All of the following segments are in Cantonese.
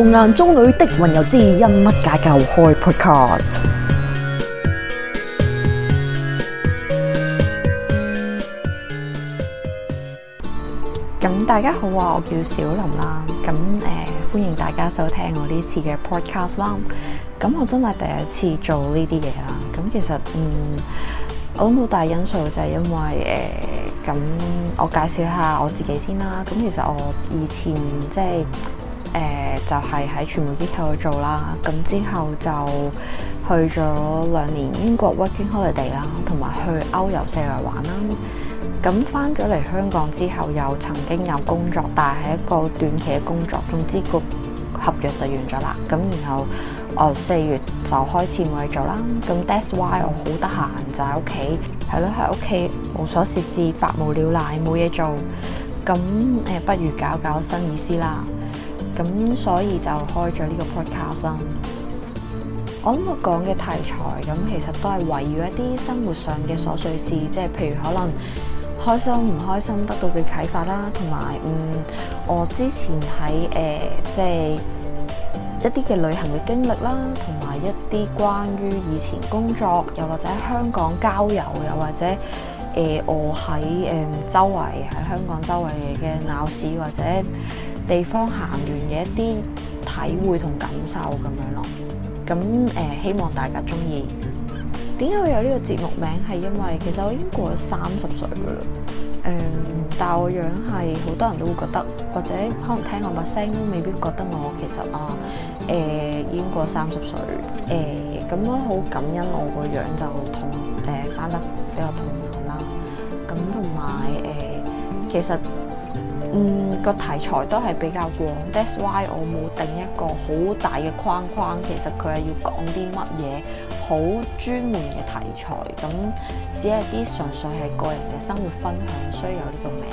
童顏中女的雲又知因乜解究？開 Podcast？咁大家好啊，我叫小林啦。咁誒、呃，歡迎大家收聽我呢次嘅 Podcast 啦。咁我真係第一次做呢啲嘢啦。咁其實嗯，我諗好大因素就係、是、因為誒，咁、呃、我介紹下我自己先啦。咁其實我以前即係誒。呃就係喺傳媒機構度做啦，咁之後就去咗兩年英國 working holiday 啦，同埋去歐遊四圍玩啦。咁翻咗嚟香港之後，又曾經有工作，但係一個短期嘅工作，總之個合約就完咗啦。咁然後，誒、哦、四月就開始冇嘢做啦。咁 That's why 我好得閒就喺屋企，係咯，喺屋企無所事事，百無聊賴，冇嘢做。咁誒，不如搞搞新意思啦～咁所以就開咗呢個 podcast 啦。我諗我講嘅題材咁，其實都係圍繞一啲生活上嘅瑣碎事，即係譬如可能開心唔開心，得到嘅啟發啦，同埋嗯，我之前喺誒、呃、即係一啲嘅旅行嘅經歷啦，同埋一啲關於以前工作，又或者香港交友，又或者誒、呃、我喺誒、呃、周圍喺香港周圍嘅鬧市或者。地方行完嘅一啲體會同感受咁樣咯，咁誒、呃、希望大家中意。點解會有呢個節目名？係因為其實我已經過咗三十歲㗎啦，誒、嗯，但係我樣係好多人都會覺得，或者可能聽我把聲都未必覺得我其實啊誒已經過三十歲誒。咁樣好感恩我個樣就童顏誒、呃、生得比較童顏啦，咁同埋誒其實。嗯，個題材都係比較廣，that's why 我冇定一個好大嘅框框。其實佢係要講啲乜嘢好專門嘅題材，咁只係啲純粹係個人嘅生活分享，所以有呢個名。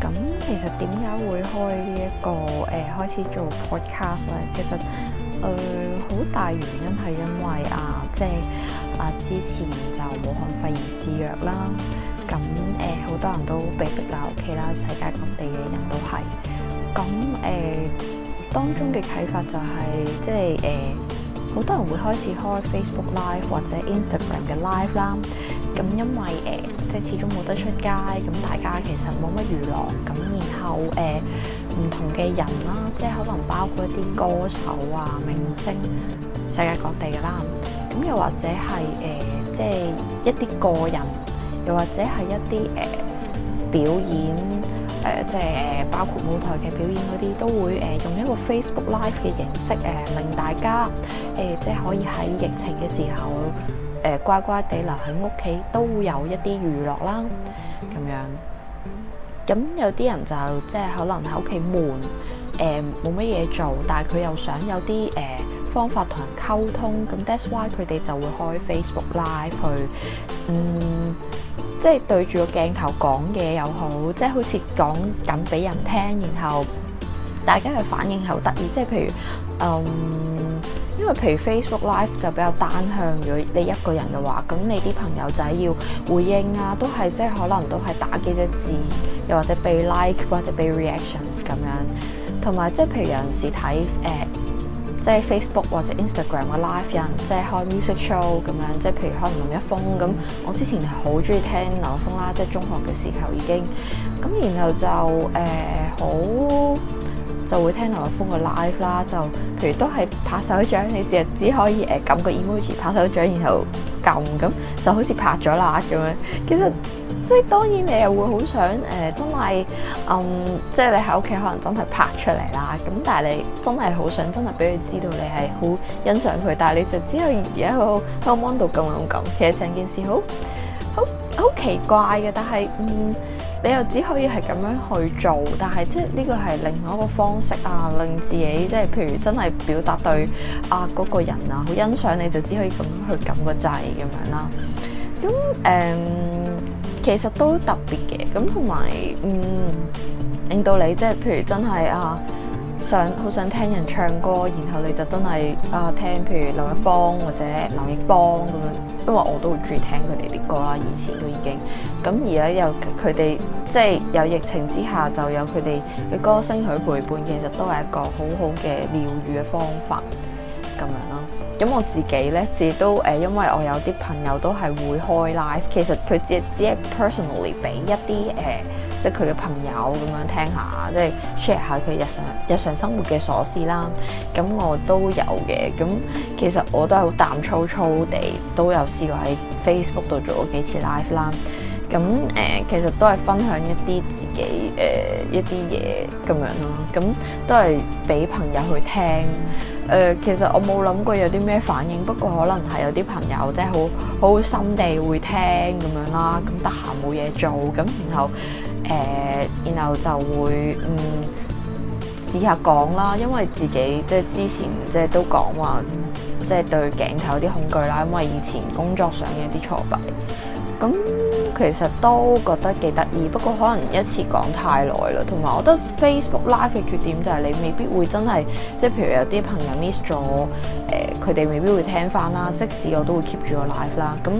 咁其實點解會開呢、這、一個誒、呃、開始做 podcast 咧？其實誒好、呃、大原因係因為啊，即係。啊！之前就武漢肺炎肆虐啦，咁誒好多人都被逼留屋企啦，世界各地嘅人都係，咁誒當中嘅啟發就係、是、即係誒好多人會開始開 Facebook Live 或者 Instagram 嘅 Live 啦，咁因為誒、呃、即係始終冇得出街，咁大家其實冇乜娛樂。咁然後誒唔、呃、同嘅人啦，即係可能包括一啲歌手啊、明星世界各地嘅啦。咁又或者係誒，即係一啲個人，又或者係一啲誒表演，誒即係誒包括舞台嘅表演嗰啲，都會誒用一個 Facebook Live 嘅形式誒，令大家誒即係可以喺疫情嘅時候誒乖乖地留喺屋企，都會有一啲娛樂啦，咁樣。咁有啲人就即係可能喺屋企悶，誒冇乜嘢做，但係佢又想有啲誒方法同人溝通，咁 that's why 佢哋就會開 Facebook Live 去，嗯，即係對住個鏡頭講嘢又好，即係好似講緊俾人聽，然後大家嘅反應係好得意。即係譬如，嗯，因為譬如 Facebook Live 就比較單向，如果你一個人嘅話，咁你啲朋友仔要回應啊，都係即係可能都係打幾隻字，又或者被 like 或者被 reactions 咁樣，同埋即係譬如有陣時睇誒。呃即係 Facebook 或者 Instagram 嘅 live 人，即係開 music show 咁樣，即係譬如可能林一峰咁，我之前係好中意聽林一峰啦，即係中學嘅時候已經，咁然後就誒好。呃就會聽劉立峰封個 live 啦，就譬如都係拍手掌，你只係只可以誒撳個 emoji 拍手掌，然後撳咁就好似拍咗啦咁樣。其實、嗯、即係當然你又會好想誒、呃、真係嗯，即係你喺屋企可能真係拍出嚟啦。咁但係你真係好想真係俾佢知道你係好欣賞佢，但係你就只有而家喺個 mon 度撳咁撳。其實成件事好好好奇怪嘅，但係嗯。你又只可以係咁樣去做，但係即係呢、這個係另外一個方式啊，令自己即係譬如真係表達對啊嗰、那個人啊好欣賞，你就只可以咁去撳個掣咁樣啦。咁誒、嗯，其實都特別嘅。咁同埋嗯，令到你即係譬如真係啊，想好想聽人唱歌，然後你就真係啊聽譬如劉一峰或者劉亦幫咁樣。因為我都好中意聽佢哋啲歌啦，以前都已經咁，而家又佢哋即係有疫情之下，就有佢哋嘅歌聲去陪伴，其實都係一個好好嘅療愈嘅方法咁樣咯。咁我自己咧，自都誒、呃，因為我有啲朋友都係會開 live，其實佢只係只係 personally 俾一啲誒、呃，即係佢嘅朋友咁樣聽下，即係 share 下佢日常日常生活嘅瑣事啦。咁我都有嘅，咁、嗯、其實我都係好淡粗粗地都有試過喺 Facebook 度做過幾次 live 啦。咁誒、呃，其實都係分享一啲自己誒、呃、一啲嘢咁樣咯。咁都係俾朋友去聽。誒、呃，其實我冇諗過有啲咩反應，不過可能係有啲朋友即係好好心地會聽咁樣啦。咁得閒冇嘢做咁，然後誒、呃，然後就會嗯試下講啦。因為自己即係之前即係都講話，即係對鏡頭有啲恐懼啦。因為以前工作上嘅一啲挫敗咁。其實都覺得幾得意，不過可能一次講太耐啦。同埋我覺得 Facebook Live 嘅缺點就係你未必會真係，即係譬如有啲朋友 miss 咗，誒佢哋未必會聽翻啦。即使我都會 keep 住個 live 啦，咁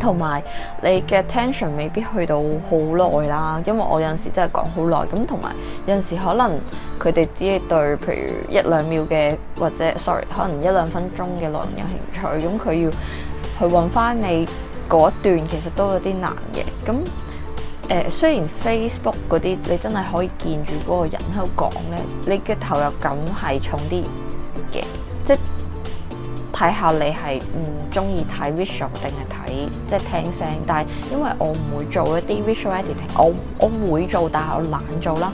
同埋你嘅 attention 未必去到好耐啦。因為我有陣時真係講好耐，咁同埋有陣時可能佢哋只係對譬如一兩秒嘅，或者 sorry 可能一兩分鐘嘅內容有興趣，咁佢要去搵返你。嗰一段其實都有啲難嘅，咁誒、呃、雖然 Facebook 嗰啲你真係可以見住嗰個人喺度講咧，你嘅投入感係重啲嘅，即係睇下你係唔中意睇 visual 定係睇即係聽聲。但係因為我唔會做一啲 visual editing，我我會做但係我懶做啦。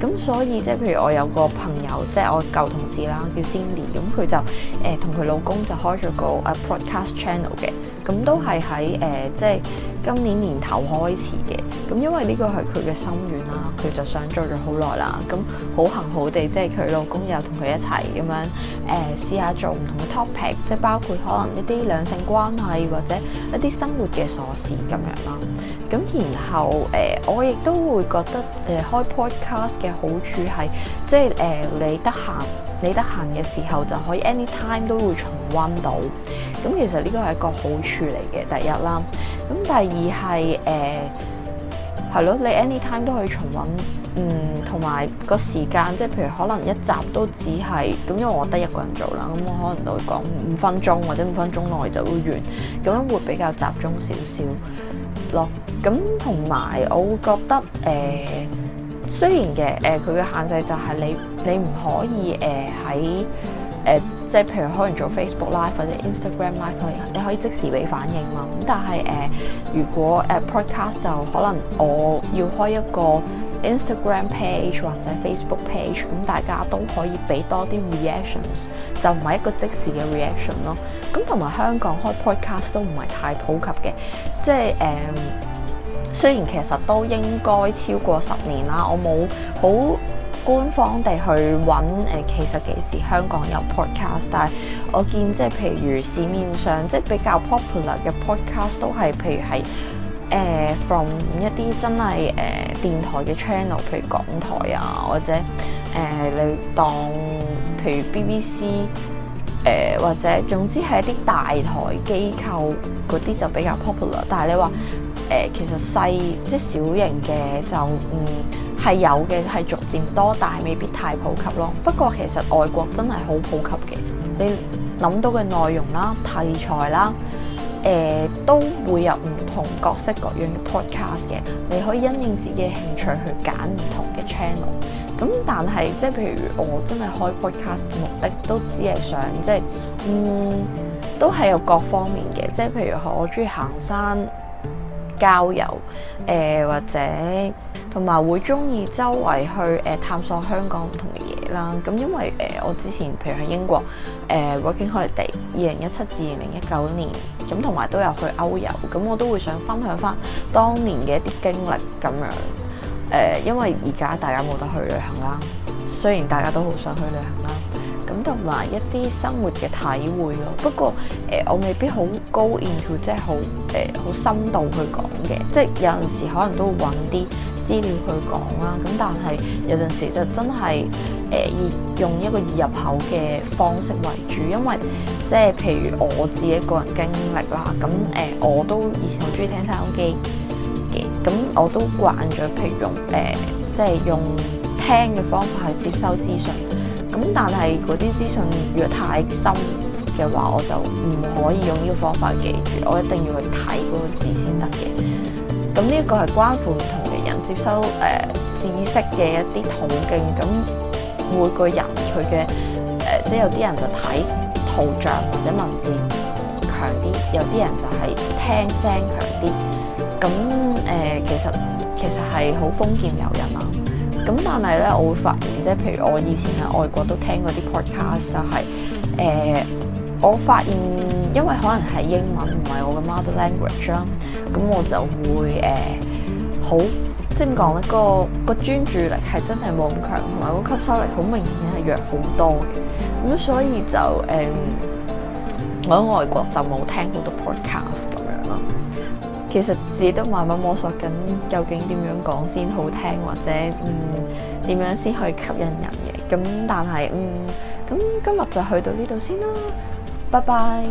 咁所以即係譬如我有個朋友即係我舊同事啦，叫 Cindy，咁佢就誒同佢老公就開咗個啊 Podcast channel 嘅。咁都係喺誒，即係。今年年頭開始嘅，咁因為呢個係佢嘅心願啦，佢就想做咗好耐啦，咁好行好地，即係佢老公又同佢一齊咁樣誒試、呃、下做唔同嘅 topic，即係包括可能一啲兩性關係或者一啲生活嘅瑣事咁樣啦。咁然後誒、呃，我亦都會覺得誒、呃、開 podcast 嘅好處係，即係誒、呃、你得閒你得閒嘅時候就可以 anytime 都會重温到。咁其實呢個係一個好處嚟嘅，第一啦。咁但係而係誒係咯，你 anytime 都可以重温，嗯，同埋個時間即係譬如可能一集都只係咁，因為我得一個人做啦，咁、嗯、我可能就會講五分鐘或者五分鐘內就會完，咁樣會比較集中少少咯。咁同埋我會覺得誒、呃，雖然嘅誒佢嘅限制就係你你唔可以誒喺誒。呃即係譬如可能做 Facebook Live 或者 Instagram Live 可以，你可以即時俾反應嘛。咁但係誒、呃，如果誒、呃、Podcast 就可能我要開一個 Instagram page 或者 Facebook page，咁大家都可以俾多啲 reactions 就唔係一個即時嘅 reaction 咯。咁同埋香港開 Podcast 都唔係太普及嘅，即係誒、呃，雖然其實都應該超過十年啦，我冇好官方地去揾誒、呃，其實幾時香港有 podcast？但係我見即係譬如市面上即係比較 popular 嘅 podcast 都係譬如係誒、呃、from 一啲真係誒、呃、電台嘅 channel，譬如港台啊，或者誒、呃、你當譬如 BBC 誒、呃，或者總之係一啲大台機構嗰啲就比較 popular 但。但係你話誒，其實細即係小型嘅就嗯。係有嘅，係逐漸多，但係未必太普及咯。不過其實外國真係好普及嘅，你諗到嘅內容啦、題材啦，誒、呃、都會有唔同各式各樣嘅 podcast 嘅。你可以因應自己嘅興趣去揀唔同嘅 channel。咁但係即係譬如我真係開 podcast 嘅目的，都只係想即係，嗯，都係有各方面嘅。即係譬如我中意行山郊遊，誒、呃、或者。同埋會中意周圍去誒探索香港唔同嘅嘢啦，咁因為誒、呃、我之前譬如喺英國、呃、Working Holiday 二零一七至二零一九年，咁同埋都有去歐遊，咁我都會想分享翻當年嘅一啲經歷咁樣誒、呃，因為而家大家冇得去旅行啦，雖然大家都好想去旅行啦。咁同埋一啲生活嘅體會咯，不過誒、呃、我未必好高 into 即係好誒好深度去講嘅，即係有陣時可能都會揾啲資料去講啦。咁但係有陣時就真係誒、呃、以用一個易入口嘅方式為主，因為即係譬如我自己個人經歷啦，咁誒、呃、我都以前好中意聽收音機嘅，咁我都慣咗，譬如用誒、呃、即係用聽嘅方法去接收資訊。咁但係嗰啲資訊如果太深嘅話，我就唔可以用呢個方法記住，我一定要去睇嗰個字先得嘅。咁呢一個係關乎唔同嘅人接收誒、呃、知識嘅一啲途徑。咁每個人佢嘅誒，即係有啲人就睇圖像或者文字強啲，有啲人就係聽聲強啲。咁誒、呃，其實其實係好封建有人。咁但係咧，我會發現即係譬如我以前喺外國都聽嗰啲 podcast，就係、是、誒、呃、我發現因為可能係英文唔係我嘅 mother language 啦、啊，咁、嗯、我就會誒、呃、好即係點講，個個個專注力係真係冇咁強，同埋個吸收力好明顯係弱好多嘅。咁、嗯、所以就誒喺、呃、外國就冇聽好多 podcast 咁樣。其實自己都慢慢摸索緊，究竟點樣講先好聽，或者，嗯，點樣先去吸引人嘅。咁但係，嗯，咁今日就去到呢度先啦，拜拜。